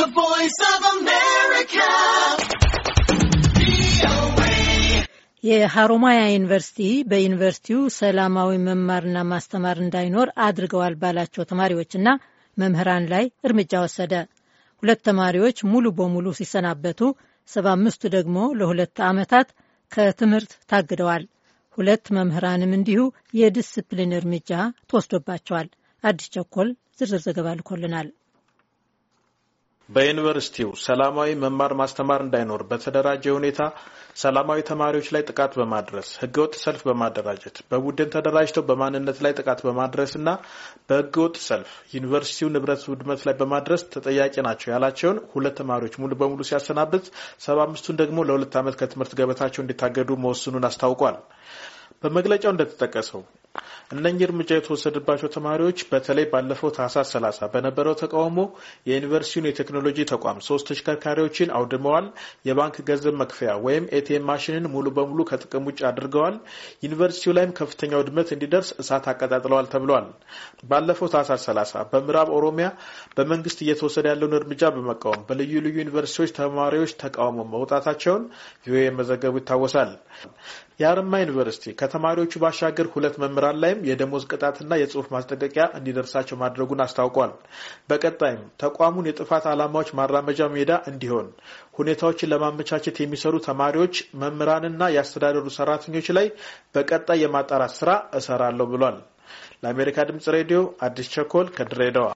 The Voice of America. የሀሮማያ ዩኒቨርሲቲ በዩኒቨርሲቲው ሰላማዊ መማርና ማስተማር እንዳይኖር አድርገዋል ባላቸው ተማሪዎችና መምህራን ላይ እርምጃ ወሰደ። ሁለት ተማሪዎች ሙሉ በሙሉ ሲሰናበቱ፣ ሰባ አምስቱ ደግሞ ለሁለት ዓመታት ከትምህርት ታግደዋል። ሁለት መምህራንም እንዲሁ የዲስፕሊን እርምጃ ተወስዶባቸዋል። አዲስ ቸኮል ዝርዝር ዘገባ ልኮልናል። በዩኒቨርሲቲው ሰላማዊ መማር ማስተማር እንዳይኖር በተደራጀ ሁኔታ ሰላማዊ ተማሪዎች ላይ ጥቃት በማድረስ ህገወጥ ሰልፍ በማደራጀት በቡድን ተደራጅተው በማንነት ላይ ጥቃት በማድረስ እና በህገወጥ ሰልፍ ዩኒቨርሲቲው ንብረት ውድመት ላይ በማድረስ ተጠያቂ ናቸው ያላቸውን ሁለት ተማሪዎች ሙሉ በሙሉ ሲያሰናብት ሰባ አምስቱን ደግሞ ለሁለት ዓመት ከትምህርት ገበታቸው እንዲታገዱ መወሰኑን አስታውቋል። በመግለጫው እንደተጠቀሰው እነኚህ እርምጃ የተወሰደባቸው ተማሪዎች በተለይ ባለፈው ታህሳስ ሰላሳ በነበረው ተቃውሞ የዩኒቨርሲቲውን የቴክኖሎጂ ተቋም ሶስት ተሽከርካሪዎችን አውድመዋል። የባንክ ገንዘብ መክፈያ ወይም ኤቲኤም ማሽንን ሙሉ በሙሉ ከጥቅም ውጭ አድርገዋል። ዩኒቨርሲቲው ላይም ከፍተኛ ውድመት እንዲደርስ እሳት አቀጣጥለዋል ተብሏል። ባለፈው ታህሳስ ሰላሳ በምዕራብ ኦሮሚያ በመንግስት እየተወሰደ ያለውን እርምጃ በመቃወም በልዩ ልዩ ዩኒቨርሲቲዎች ተማሪዎች ተቃውሞ መውጣታቸውን ቪኦኤ መዘገቡ ይታወሳል። የአርማ ዩኒቨርሲቲ ከተማሪዎቹ ባሻገር ሁለት መምህራን ላይም ወይም የደሞዝ ቅጣትና የጽሁፍ ማስጠንቀቂያ እንዲደርሳቸው ማድረጉን አስታውቋል። በቀጣይም ተቋሙን የጥፋት ዓላማዎች ማራመጃ ሜዳ እንዲሆን ሁኔታዎችን ለማመቻቸት የሚሰሩ ተማሪዎች፣ መምህራንና የአስተዳደሩ ሰራተኞች ላይ በቀጣይ የማጣራት ስራ እሰራለሁ ብሏል። ለአሜሪካ ድምጽ ሬዲዮ አዲስ ቸኮል ከድሬዳዋ